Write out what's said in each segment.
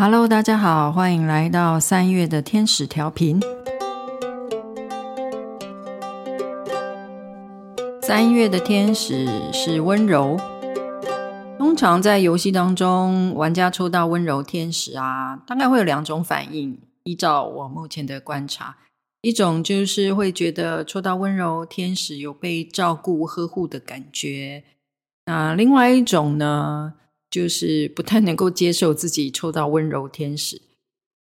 Hello，大家好，歡迎來到三月的天使調頻。三月的天使是溫柔。通常在遊戲當中，玩家抽到溫柔天使啊，大概會有兩種反應。依照我目前的觀察，一種就是會覺得抽到溫柔天使有被照顧呵護的感覺。那另外一種呢？就是不太能夠接受自己抽到溫柔天使，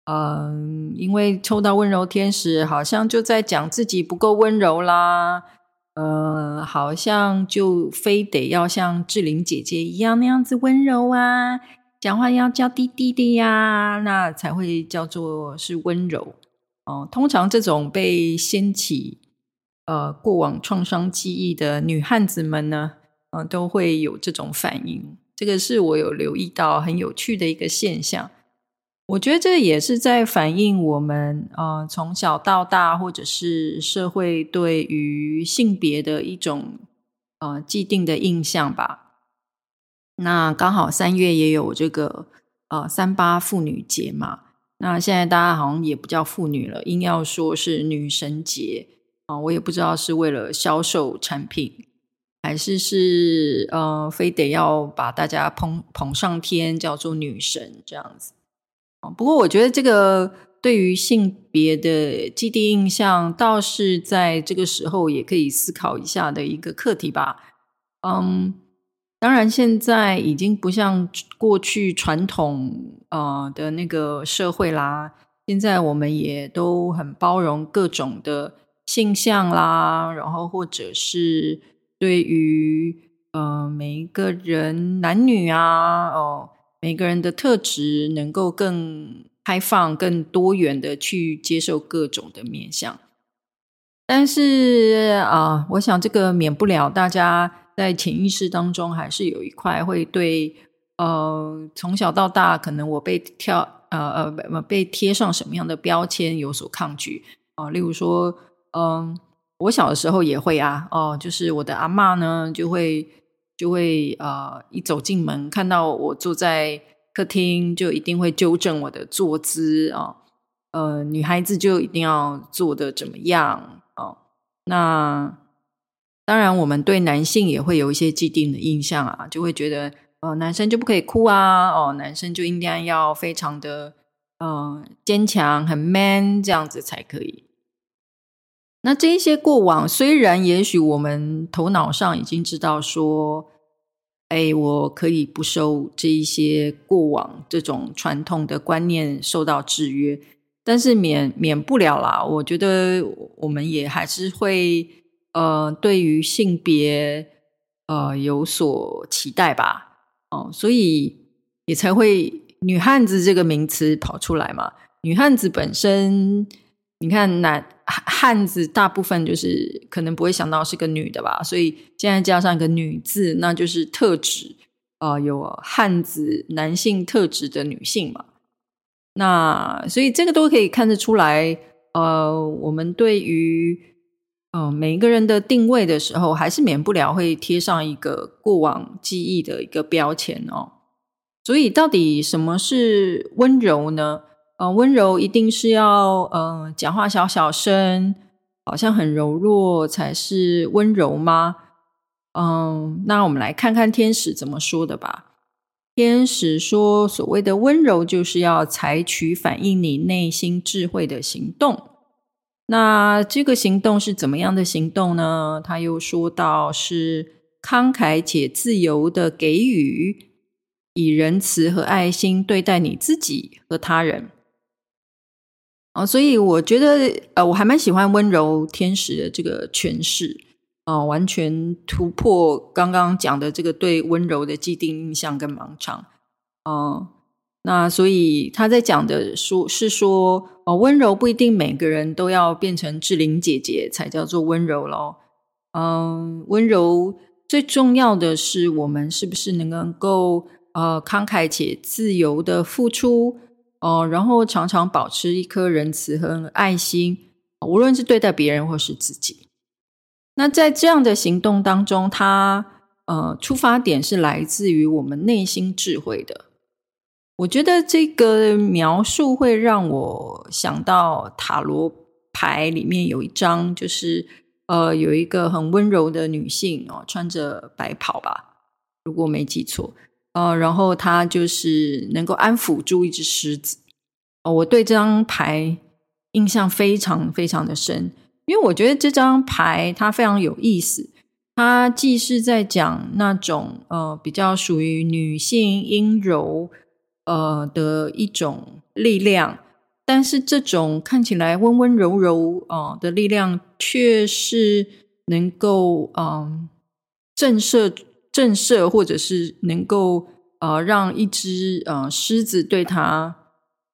嗯、um,，因為抽到溫柔天使，好像就在講自己不夠溫柔啦，呃、uh,，好像就非得要像志玲姐姐一樣那樣子溫柔啊，講話要嬌滴滴的呀，那才會叫做是溫柔哦。Uh, 通常這種被掀起呃、uh, 過往創傷記憶的女漢子們呢，嗯、uh,，都會有這種反應。這個是我有留意到很有趣的一個現象，我覺得這也是在反映我們呃從小到大或者是社會對於性別的一種呃既定的印象吧。那剛好三月也有這個呃三八婦女節嘛，那現在大家好像也不叫婦女了，硬要說是女神節啊，呃，我也不知道是為了銷售產品。還是是呃，非得要把大家捧捧上天，叫做女神這樣子。不過我覺得這個對於性別的既定印象，倒是在這個時候也可以思考一下的一個課題吧。嗯，當然現在已經不像過去傳統啊，呃，的那個社會啦，現在我們也都很包容各種的性向啦，然後或者是。對於呃，每一個人，男女啊，哦，每個人的特質，能夠更開放、更多元的去接受各種的面向。但是啊、呃，我想這個免不了，大家在潛意識當中還是有一塊會對呃，從小到大，可能我被跳、呃呃被貼上什麼樣的標籤有所抗拒啊、呃，例如說嗯。呃我小的時候也會啊，哦，就是我的阿嬤呢，就會就會呃，一走進門看到我坐在客廳，就一定會糾正我的坐姿啊、哦，呃，女孩子就一定要坐得怎麼樣哦，那當然，我們對男性也會有一些既定的印象啊，就會覺得呃，男生就不可以哭啊，哦，男生就應該要非常的呃堅強，很 man 這樣子才可以。那這一些過往，雖然也許我們頭腦上已經知道說，哎，我可以不受這一些過往這種傳統的觀念受到制約，但是免免不了啦。我覺得我們也還是會，呃，對於性別，呃，有所期待吧。哦、嗯，所以也才會“女漢子”這個名詞跑出來嘛。女漢子本身。你看男漢子大部分就是可能不會想到是個女的吧，所以現在加上一個女字，那就是特指呃，有漢子男性特質的女性嘛。那所以這個都可以看得出來，呃，我們對於呃，每一個人的定位的時候，還是免不了會貼上一個過往記憶的一個標籤哦。所以到底什麼是溫柔呢？呃，溫柔一定是要嗯、呃，講話小小聲，好像很柔弱，才是溫柔嗎？嗯，那我們來看看天使怎麼說的吧。天使說，所謂的溫柔就是要採取反映你內心智慧的行動。那這個行動是怎麼樣的行動呢？他又說到，是慷慨且自由地給予，以仁慈和愛心對待你自己和他人。啊，所以我覺得，呃，我還蠻喜歡溫柔天使的這個詮釋，啊、呃，完全突破剛剛講的這個對溫柔的既定印象跟盲腸。啊、呃，那所以他在講的說，是說，哦、呃，溫柔不一定每個人都要變成志玲姐姐才叫做溫柔咯。嗯、呃，溫柔最重要的是我們是不是能夠，呃，慷慨且自由地付出。哦，然後常常保持一顆仁慈和愛心，無論是對待別人或是自己。那在這樣的行動當中，它，呃，出發點是來自於我們內心智慧的。我覺得這個描述會讓我想到塔羅牌裡面有一張，就是呃有一個很溫柔的女性哦，穿着白袍吧，如果沒記錯。呃，然後他就是能夠安撫住一隻獅子。哦，我對這張牌印象非常非常的深，因為我覺得這張牌它非常有意思。它既是在講那種呃比較屬於女性陰柔呃的一種力量，但是這種看起來溫溫柔柔啊、呃、的力量，卻是能夠嗯、呃、震懾。震懾，或者是能夠呃，讓一只呃，獅子對它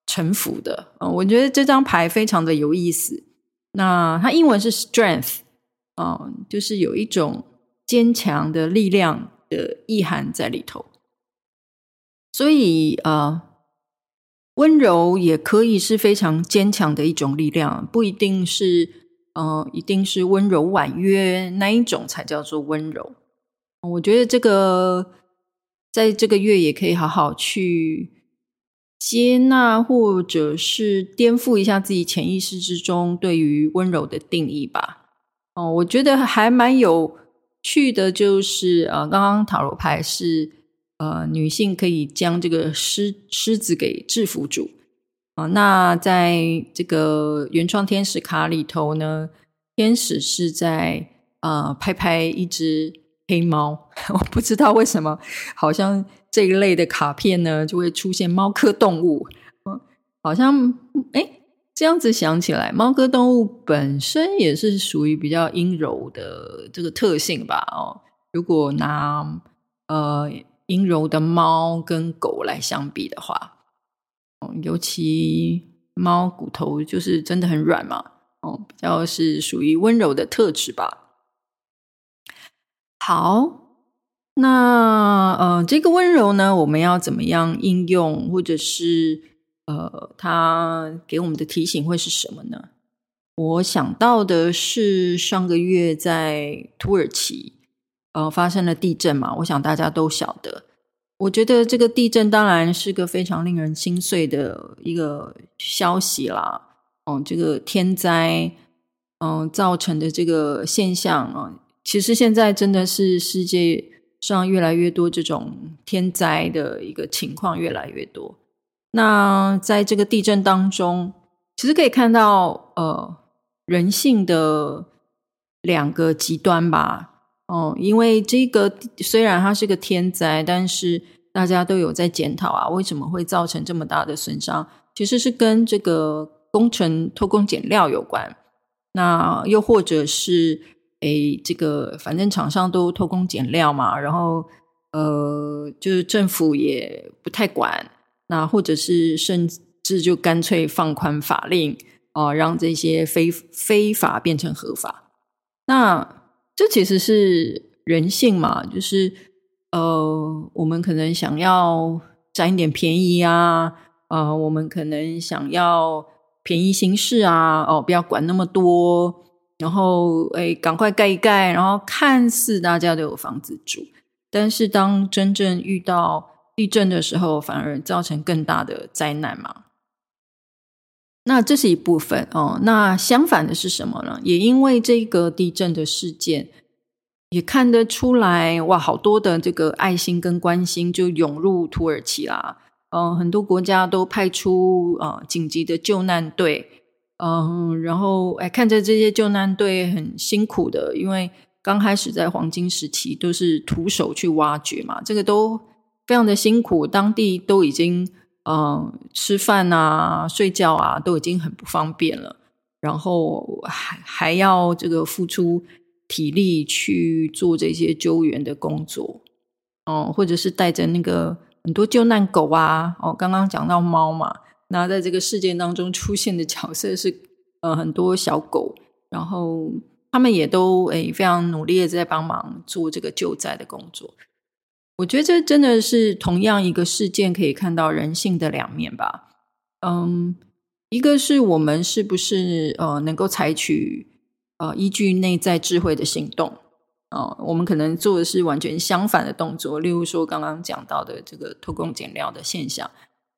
臣服的。嗯、呃，我覺得這張牌非常的有意思。那它英文是 strength 嗯、呃，就是有一種堅強的力量的意涵在裡頭。所以呃，溫柔也可以是非常堅強的一種力量，不一定是嗯、呃，一定是溫柔婉約那一種才叫做溫柔。我覺得這個在這個月也可以好好去接納，或者是顛覆一下自己潛意識之中對於溫柔的定義吧。哦，我覺得還蠻有趣的，就是呃，剛剛塔羅牌是呃，女性可以將這個獅獅子給制服住啊、呃。那在這個原創天使卡裡頭呢，天使是在呃拍拍一隻。黑貓，我不知道為什麼，好像這一類的卡片呢就會出現貓科動物。嗯，好像誒，這樣子想起來，貓科動物本身也是屬於比較陰柔的這個特性吧？哦，如果拿呃陰柔的貓跟狗來相比的話，嗯，哦，尤其貓骨頭就是真的很軟嘛，哦，比較是屬於溫柔的特質吧。好，那呃，這個溫柔呢，我們要怎麼樣應用，或者是呃，他給我們的提醒會是什麼呢？我想到的是上個月在土耳其呃發生了地震嘛，我想大家都曉得。我覺得這個地震當然是個非常令人心碎的一個消息啦。嗯、呃，這個天災嗯、呃，造成的這個現象啊。呃其實現在真的是世界上越來越多這種天災的一個情況越來越多。那在這個地震當中，其實可以看到呃人性的兩個極端吧。嗯，因為這個雖然它是個天災，但是大家都有在檢討啊，為什麼會造成這麼大的損傷？其實是跟這個工程偷工減料有關。那又或者是。哎，這個反正廠商都偷工減料嘛，然後呃，就是政府也不太管，那或者是甚至就乾脆放寬法令哦，呃，讓這些非非法變成合法。那這其實是人性嘛，就是呃，我們可能想要占一點便宜啊，呃，我們可能想要便宜行事啊，哦，呃，不要管那麼多。然後，哎，趕快蓋一蓋。然後，看似大家都有房子住，但是當真正遇到地震的時候，反而造成更大的災難嘛。那這是一部分哦。那相反的是什麼呢？也因為這個地震的事件，也看得出來，哇，好多的這個愛心跟關心就湧入土耳其啦、啊。嗯、哦，很多國家都派出啊、哦、緊急的救難隊。嗯，然後哎，看着這些救難隊很辛苦的，因為剛開始在黃金時期都是徒手去挖掘嘛這個都非常的辛苦。當地都已經嗯吃飯啊、睡覺啊都已經很不方便了，然後還還要這個付出體力去做這些救援的工作，嗯，或者是帶着那個很多救難狗啊，哦，剛剛講到貓嘛。那在這個事件當中出現的角色是呃很多小狗，然後他們也都誒、欸、非常努力的在幫忙做這個救災的工作。我覺得這真的是同樣一個事件可以看到人性的兩面吧。嗯，一個是我們是不是呃能夠採取呃依據內在智慧的行動啊、呃？我們可能做的是完全相反的動作，例如說剛剛講到的這個偷工減料的現象。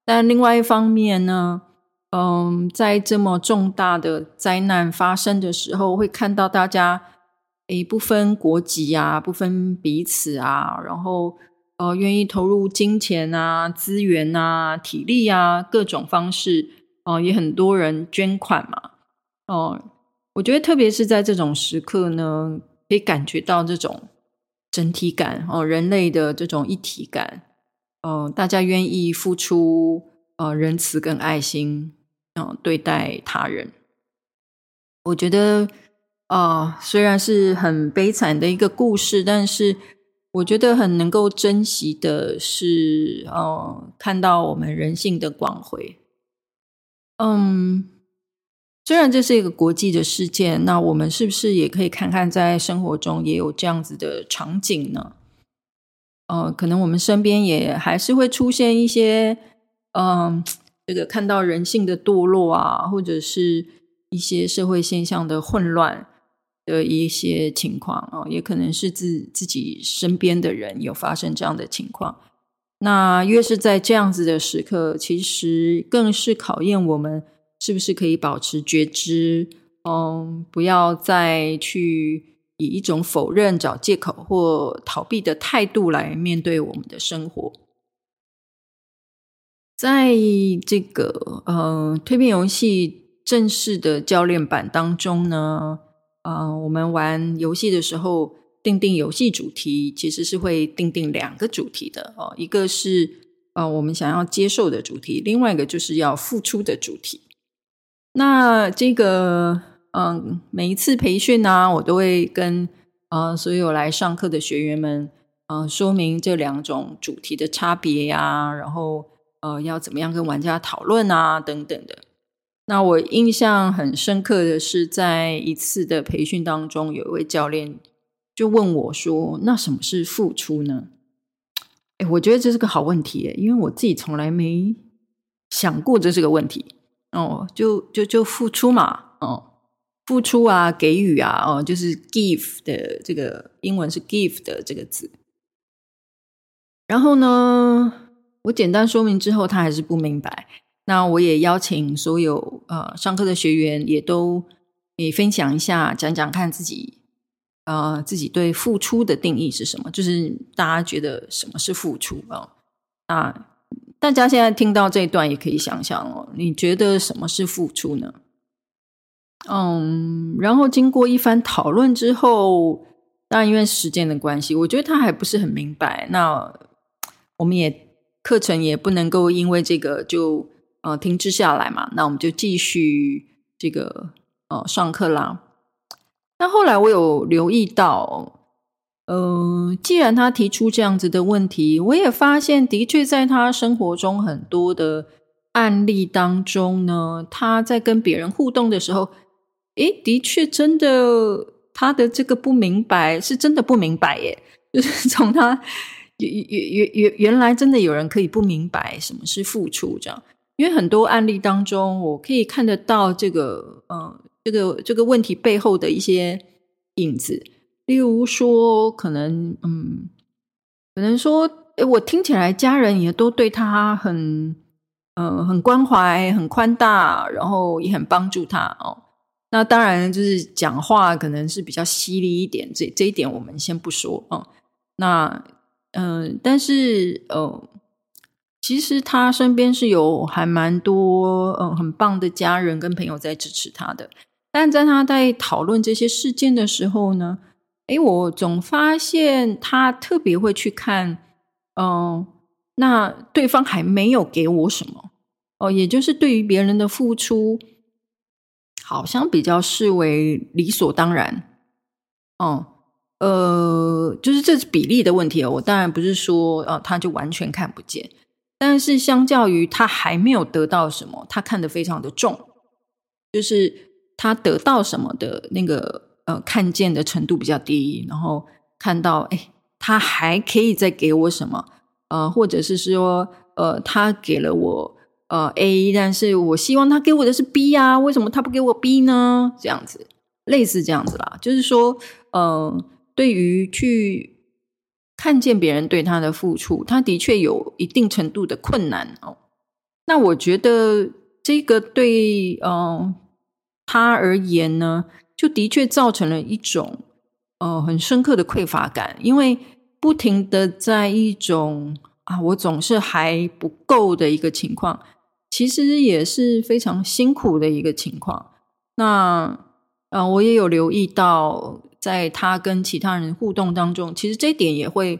但另外一方面呢，嗯、呃，在這麼重大的災難發生的時候，會看到大家誒，不分國籍啊，不分彼此啊，然後呃，願意投入金錢啊、資源啊、體力啊各種方式，呃，也很多人捐款嘛，哦、呃，我覺得特別是在這種時刻呢，可以感覺到這種整體感哦、呃，人類的這種一體感。嗯、呃，大家願意付出呃仁慈跟愛心，嗯、呃，對待他人。我覺得啊、呃，雖然是很悲慘的一個故事，但是我覺得很能夠珍惜的是，哦、呃，看到我們人性的光輝。嗯，雖然這是一個國際的事件，那我們是不是也可以看看，在生活中也有這樣子的場景呢？呃，可能我們身邊也還是會出現一些，嗯、呃，這個看到人性的墮落啊，或者是一些社會現象的混亂的一些情況啊、呃，也可能是自自己身邊的人有發生這樣的情況。那越是在這樣子的時刻，其實更是考驗我們是不是可以保持覺知，嗯、呃，不要再去。以一種否認、找借口或逃避的態度來面對我們的生活。在這個呃，蛻變遊戲正式的教練版當中呢，啊、呃，我們玩遊戲的時候訂定遊戲主題，其實是會訂定兩個主題的哦，一個是啊、呃，我們想要接受的主題，另外一個就是要付出的主題。那這個。嗯，每一次培訓呢、啊，我都會跟啊、呃、所有來上課的學員們啊、呃、說明這兩種主題的差別呀、啊，然後呃要怎麼樣跟玩家討論啊等等的。那我印象很深刻的是，在一次的培訓當中，有一位教練就問我說：“那什麼是付出呢？”哎，我覺得這是個好問題，因為我自己從來沒想過這是個問題。哦，就就就付出嘛，哦。付出啊，給予啊，哦，就是 give 的這個英文是 give 的這個字。然後呢，我簡單說明之後，他還是不明白。那我也邀請所有呃上課的學員也都也分享一下，講講看自己啊、呃，自己對付出的定義是什麼？就是大家覺得什麼是付出啊、哦？那大家現在聽到這一段，也可以想想哦，你覺得什麼是付出呢？嗯，然後經過一番討論之後，當然因為時間的關係，我覺得他還不是很明白。那我們也課程也不能夠因為這個就呃停滯下來嘛。那我們就繼續這個呃上課啦。那後來我有留意到，呃，既然他提出這樣子的問題，我也發現的確在他生活中很多的案例當中呢，他在跟別人互動的時候。哎，的確，真的，他的這個不明白是真的不明白耶。就是從他原原原原原來，真的有人可以不明白什麼是付出，這樣。因為很多案例當中，我可以看得到這個，嗯，這個這個問題背後的一些影子。例如說，可能，嗯，可能說，誒，我聽起來家人也都對他很，嗯，很關懷，很寬大，然後也很幫助他哦。那當然，就是講話可能是比較犀利一點，這這一點我們先不說啊、嗯。那嗯、呃，但是呃，其實他身邊是有還蠻多嗯、呃、很棒的家人跟朋友在支持他的。但在他在討論這些事件的時候呢，哎，我總發現他特別會去看，嗯、呃，那對方還沒有給我什麼哦、呃，也就是對於別人的付出。好像比較視為理所當然。哦、嗯，呃，就是這是比例的問題。我當然不是說，呃，他就完全看不見。但是相較於他還沒有得到什麼，他看得非常的重。就是他得到什麼的那個呃，看見的程度比較低。然後看到，哎、欸，他還可以再給我什麼？呃，或者是說，呃，他給了我。呃，A，但是我希望他給我的是 B 呀，啊，為什麼他不給我 B 呢？這樣子，類似這樣子啦，就是說，呃，對於去看見別人對他的付出，他的確有一定程度的困難哦。那我覺得這個對，呃，他而言呢，就的確造成了一種，呃，很深刻的匱乏感，因為不停地在一種啊，我總是還不夠的一個情況。其實也是非常辛苦的一個情況。那，呃，我也有留意到，在他跟其他人互動當中，其實這點也會，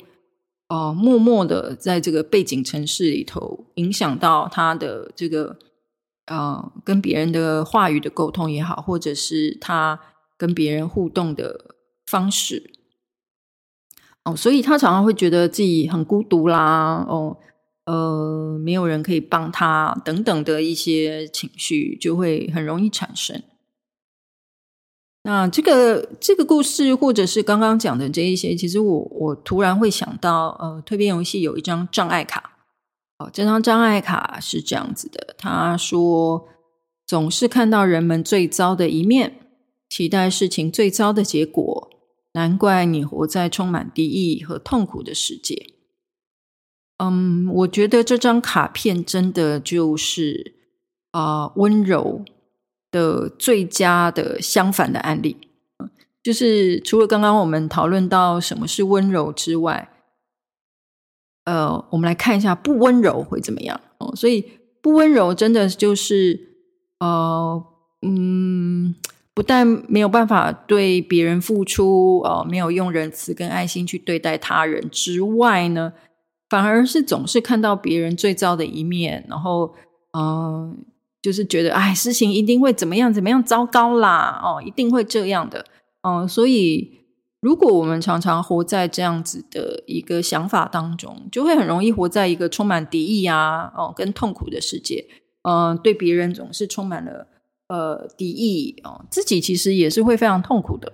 呃，默默的在這個背景城市裡頭，影響到他的這個，呃，跟別人的話語的溝通也好，或者是他跟別人互動的方式。哦，所以他常常會覺得自己很孤獨啦，哦。呃，沒有人可以幫他，等等的一些情緒就會很容易產生。那這個這個故事，或者是剛剛講的這一些，其實我我突然會想到，呃，蛻變遊戲有一張障礙卡，哦，這張障礙卡是這樣子的：他說，總是看到人們最糟的一面，期待事情最糟的結果，難怪你活在充滿敵意和痛苦的世界。嗯、um,，我覺得這張卡片真的就是啊、呃，溫柔的最佳的相反的案例。就是除了剛剛我們討論到什麼是溫柔之外，呃，我們來看一下不溫柔會怎麼樣。呃、所以不溫柔真的就是呃，嗯，不但沒有辦法對別人付出，哦、呃，沒有用仁慈跟愛心去對待他人之外呢。反而是總是看到別人最糟的一面，然後，嗯，就是覺得，哎，事情一定會怎麼樣怎麼樣糟糕啦，哦，一定會這樣的，嗯，所以如果我們常常活在這樣子的一個想法當中，就會很容易活在一個充滿敵意啊，哦，跟痛苦的世界，嗯，對別人總是充滿了呃敵意，哦，自己其實也是會非常痛苦的。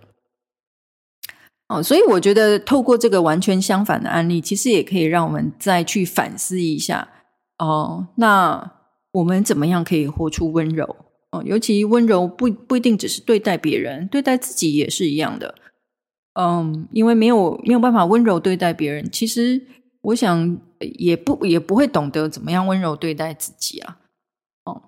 哦，所以我覺得透過這個完全相反的案例，其實也可以讓我們再去反思一下哦、嗯。那我們怎麼樣可以活出溫柔？哦、嗯，尤其溫柔不不一定只是對待別人，對待自己也是一樣的。嗯，因為沒有沒有辦法溫柔對待別人，其實我想也不也不會懂得怎麼樣溫柔對待自己啊。哦、嗯，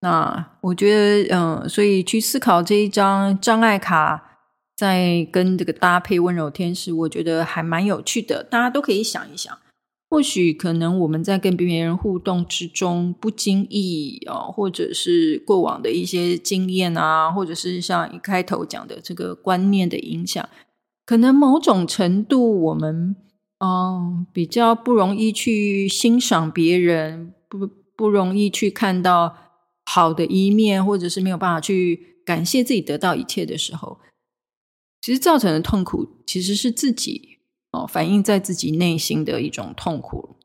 那我覺得嗯，所以去思考這一張障礙卡，在跟這個搭配溫柔天使，我覺得還蠻有趣的。大家都可以想一想，或許可能我們在跟別人互動之中，不經意哦，或者是過往的一些經驗啊，或者是像一開頭講的這個觀念的影響，可能某種程度我們，嗯、哦，比較不容易去欣賞別人，不不容易去看到好的一面，或者是沒有辦法去感謝自己得到一切的時候。其實造成的痛苦，其實是自己哦，反映在自己內心的一種痛苦。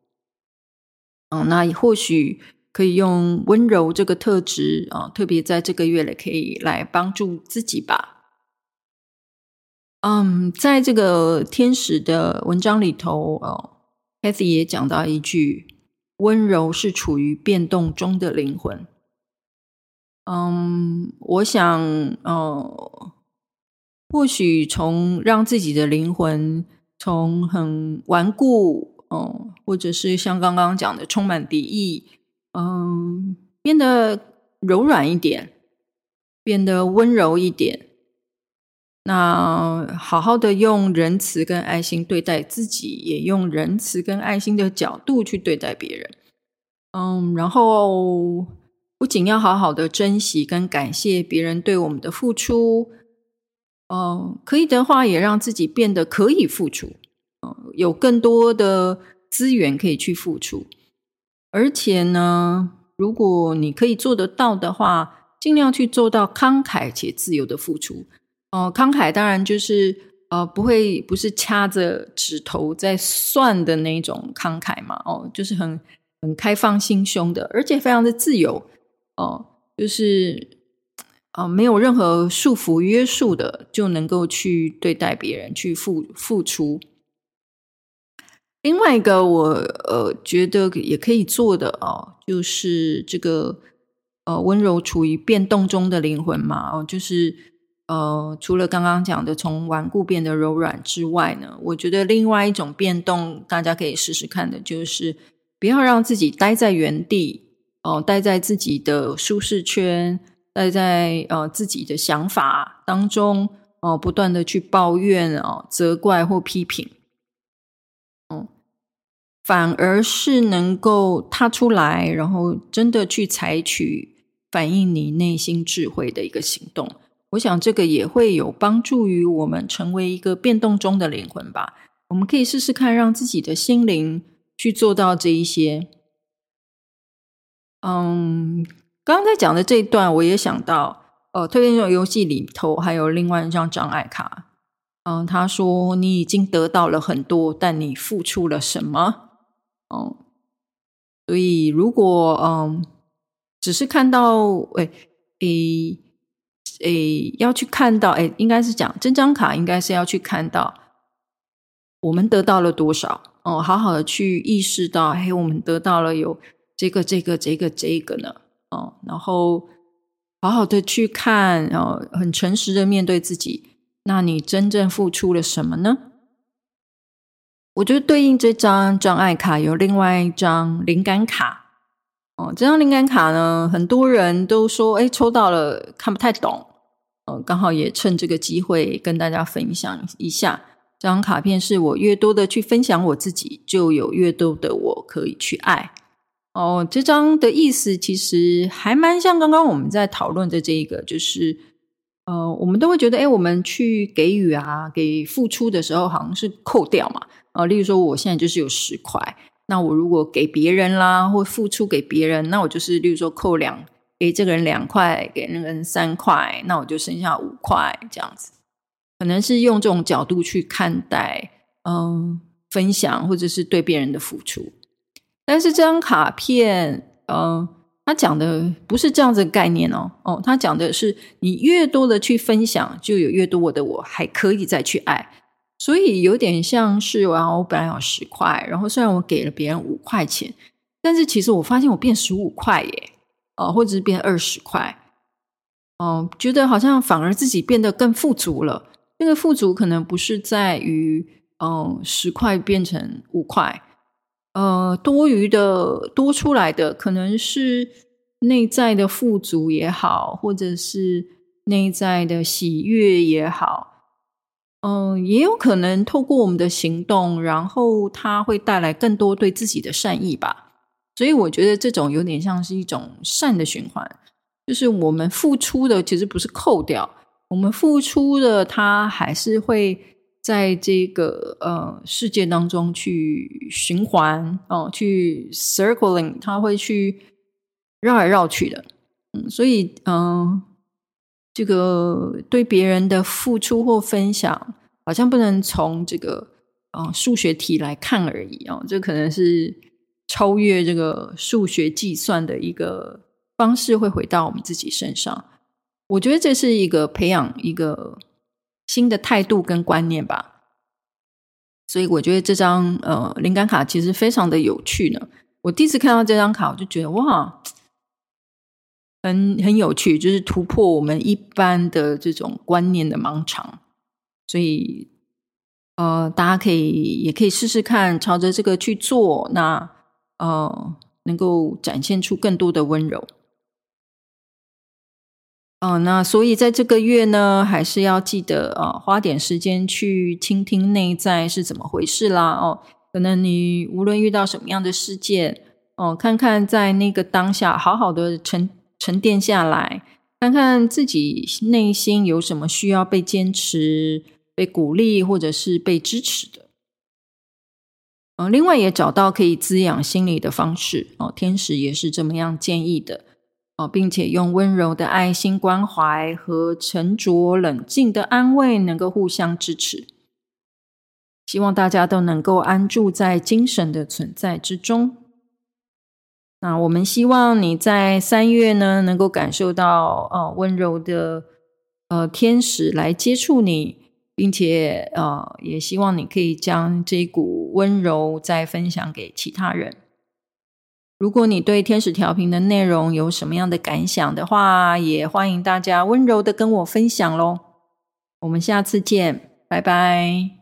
嗯，那也或許可以用溫柔這個特質啊，哦，特別在這個月可以來幫助自己吧。嗯，在這個天使的文章裡頭，哦，Kathy 也講到一句：溫柔是處於變動中的靈魂。嗯，我想，哦。或許從讓自己的靈魂從很頑固，嗯，或者是像剛剛講的充滿敵意，嗯，變得柔軟一點，變得溫柔一點。那好好的用仁慈跟愛心對待自己，也用仁慈跟愛心的角度去對待別人。嗯，然後不僅要好好的珍惜跟感謝別人對我們的付出，哦、呃，可以的話，也讓自己變得可以付出，呃，有更多的資源可以去付出。而且呢，如果你可以做得到的話，盡量去做到慷慨且自由的付出。哦、呃，慷慨當然就是，呃，不會不是掐着指頭在算的那種慷慨嘛。哦、呃，就是很很開放心胸的，而且非常的自由。哦、呃，就是。啊，沒有任何束縛約束的，就能夠去對待別人，去付付出。另外一個我，我呃覺得也可以做的哦，就是這個呃溫柔處於變動中的靈魂嘛，哦，就是呃除了剛剛講的從頑固變得柔軟之外呢，我覺得另外一種變動大家可以試試看的，就是不要讓自己待在原地哦、呃，待在自己的舒適圈。待在呃自己的想法當中哦、呃，不斷的去抱怨、呃、責怪或批評、嗯，反而是能夠踏出來，然後真的去採取反映你內心智慧的一個行動。我想這個也會有幫助於我們成為一個變動中的靈魂吧。我們可以試試看，讓自己的心靈去做到這一些，嗯。剛剛在講的這一段，我也想到，呃，推薦這種遊戲裡頭還有另外一張障礙卡，嗯，他說你已經得到了很多，但你付出了什麼？哦、嗯，所以如果嗯，只是看到，哎，誒，誒，要去看到，哎，應該是講這張卡應該是要去看到我們得到了多少，哦、嗯，好好的去意識到，嘿，我們得到了有這個、這個、這個、這個呢。哦，然後好好的去看，然後很誠實的面對自己。那你真正付出了什麼呢？我覺得對應這張障礙卡有另外一張靈感卡。哦，這張靈感卡呢，很多人都說哎，抽到了看不太懂。嗯，哦，剛好也趁這個機會跟大家分享一下。這張卡片是我越多的去分享我自己，就有越多的我可以去愛。哦，這張的意思其實還蠻像剛剛我們在討論的這一個，就是呃，我們都會覺得，哎，我們去給予啊，給付出的時候，好像是扣掉嘛。呃，例如說，我現在就是有十塊，那我如果給別人啦，或付出給別人，那我就是，例如說，扣兩，給這個人兩塊，給那個人三塊，那我就剩下五塊這樣子。可能是用這種角度去看待，嗯、呃，分享或者是對別人的付出。但是這張卡片，呃，他講的不是這樣子概念哦，哦，他講的是你越多的去分享，就有越多我的我還可以再去愛，所以有點像是，然後我本來有十塊，然後雖然我給了別人五塊錢，但是其實我發現我變十五塊耶，呃、或者是變二十塊，哦、呃，覺得好像反而自己變得更富足了。那、這個富足可能不是在於，哦、呃，十塊變成五塊。呃，多餘的多出來的，可能是內在的富足也好，或者是內在的喜悅也好，嗯、呃，也有可能透過我們的行動，然後它會帶來更多對自己的善意吧。所以我覺得這種有點像是一種善的循環，就是我們付出的其實不是扣掉，我們付出的它還是會。在這個呃世界當中去循環哦，去 circling，它會去繞來繞去的。嗯，所以嗯、呃，這個對別人的付出或分享，好像不能從這個啊、呃、數學題來看而已哦，這可能是超越這個數學計算的一個方式，會回到我們自己身上。我覺得這是一個培養一個。新的態度跟觀念吧，所以我覺得這張呃靈感卡其實非常的有趣呢。我第一次看到這張卡，我就覺得哇，很很有趣，就是突破我們一般的這種觀念的盲場。所以呃，大家可以也可以試試看，朝着這個去做，那呃，能夠展現出更多的溫柔。哦，那所以在這個月呢，還是要記得啊、哦，花點時間去傾聽內在是怎麼回事啦。哦，可能你無論遇到什麼樣的事件，哦，看看在那個當下，好好的沉沉澱下來，看看自己內心有什麼需要被堅持、被鼓勵，或者是被支持的。嗯、哦，另外也找到可以滋養心靈的方式。哦，天使也是這麼樣建議的。哦，並且用溫柔的愛心關懷和沉着冷靜的安慰，能夠互相支持。希望大家都能夠安住在精神的存在之中。那我們希望你在三月呢，能夠感受到哦、呃、溫柔的呃天使來接觸你，並且呃也希望你可以將這一股溫柔再分享給其他人。如果你對天使調頻的內容有什麼樣的感想的話，也歡迎大家溫柔的跟我分享嘍。我們下次見，拜拜。